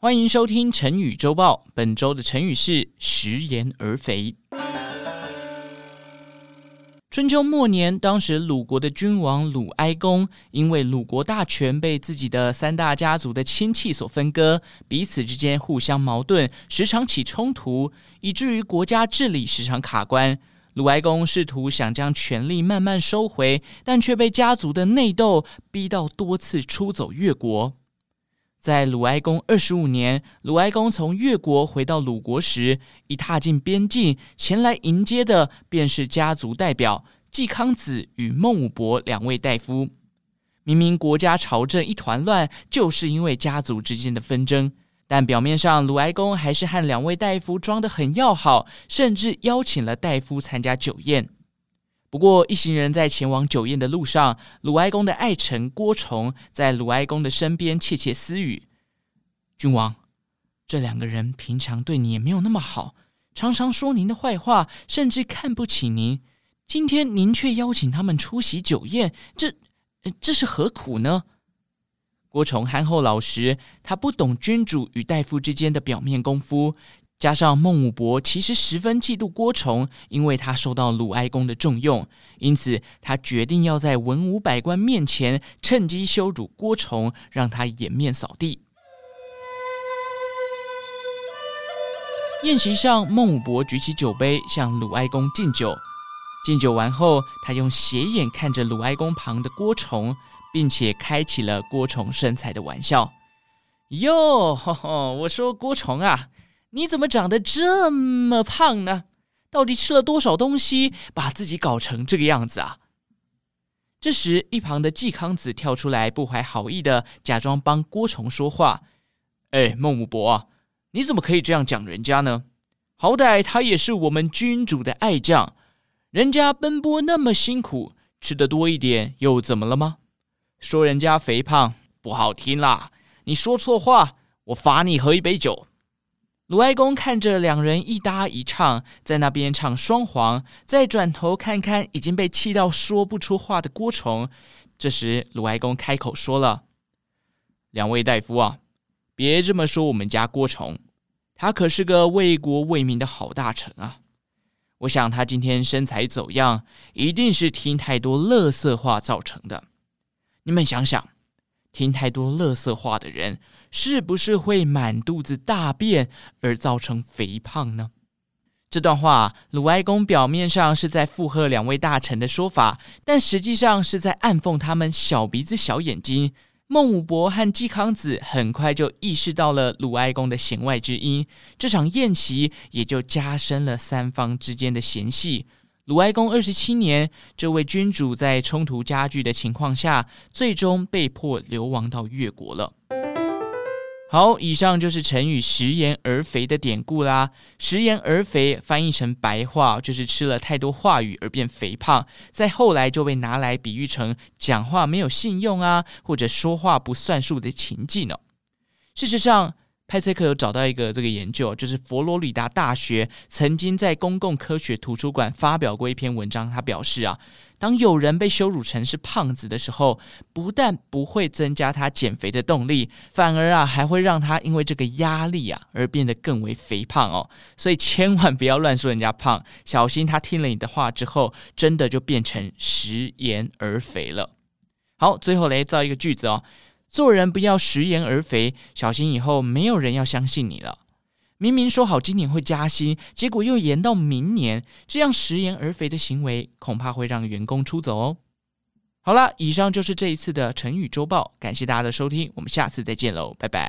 歡迎收聽成語週報。本周的成語是“食言而肥”。春秋末年，當時魯國的君王魯哀公，因為魯國大權被自己的三大家族的親戚所分割，彼此之間互相矛盾，時常起衝突，以至於國家治理時常卡關。魯哀公試圖想將權力慢慢收回，但卻被家族的內鬥逼到多次出走越國。在魯哀公二十五年，魯哀公從越國回到魯國時，一踏進邊境，前來迎接的便是家族代表季康子與孟武伯兩位大夫。明明國家朝政一團亂，就是因為家族之間的紛爭，但表面上魯哀公還是和兩位大夫裝得很要好，甚至邀請了大夫參加酒宴。不過，一行人在前往酒宴的路上，魯哀公的愛臣郭崇在魯哀公的身邊竊竊私語：“君王，這兩個人平常對你也沒有那麼好，常常說您的壞話，甚至看不起您。今天您卻邀請他們出席酒宴，這、呃、這是何苦呢？”郭崇憨厚老實，他不懂君主與大夫之間的表面功夫。加上孟武伯其實十分嫉妒郭崇，因為他受到魯哀公的重用，因此他決定要在文武百官面前趁機羞辱郭崇，讓他顏面掃地。宴席上，孟武伯舉起酒杯向魯哀公敬酒，敬酒完後，他用斜眼看着魯哀公旁的郭崇，並且開起了郭崇身材的玩笑：“喲，我說郭崇啊。”你怎麼長得這麼胖呢？到底吃了多少東西，把自己搞成這個樣子啊？這時，一旁的季康子跳出來，不懷好意的假裝幫郭重說話：“哎，孟武伯啊，你怎麼可以這樣講人家呢？好歹他也是我們君主的愛將，人家奔波那麼辛苦，吃得多一點又怎麼了嗎？說人家肥胖不好聽啦，你說錯話，我罰你喝一杯酒。”盧魯哀公看着兩人一搭一唱，在那邊唱雙簧，再轉頭看看已經被氣到說不出話的郭重。這時，盧魯哀公開口說了：“兩位大夫啊，別這麼說我們家郭重，他可是個為國為民的好大臣啊！我想他今天身材走樣，一定是聽太多垃圾話造成的。你們想想。”聽太多垃圾話的人，是不是會滿肚子大便而造成肥胖呢？這段話，魯哀公表面上是在附和兩位大臣的說法，但實際上是在暗諷他們小鼻子小眼睛。孟武伯和季康子很快就意識到了魯哀公的弦外之音，這場宴席也就加深了三方之間的嫌隙。魯哀公二十七年，這位君主在衝突加劇的情況下，最終被迫流亡到越國了。好，以上就是成語“食言而肥”的典故啦。“食言而肥”翻譯成白話就是吃了太多話語而變肥胖，再後來就被拿來比喻成講話沒有信用啊，或者說話不算數的情景呢。事實上，派翠克有找到一個這個研究，就是佛羅里達大學曾經在公共科學圖書館發表過一篇文章。他表示啊，當有人被羞辱成是胖子的時候，不但不會增加他減肥的動力，反而啊還會讓他因為這個壓力啊而變得更為肥胖哦。所以千萬不要亂說人家胖，小心他聽了你的話之後，真的就變成食言而肥了。好，最後來造一個句子哦。做人不要食言而肥，小心以後沒有人要相信你了。明明說好今年會加薪，結果又延到明年，這樣食言而肥的行為，恐怕會讓員工出走哦。好了，以上就是這一次的成語週報，感謝大家的收聽，我們下次再見嘍，拜拜。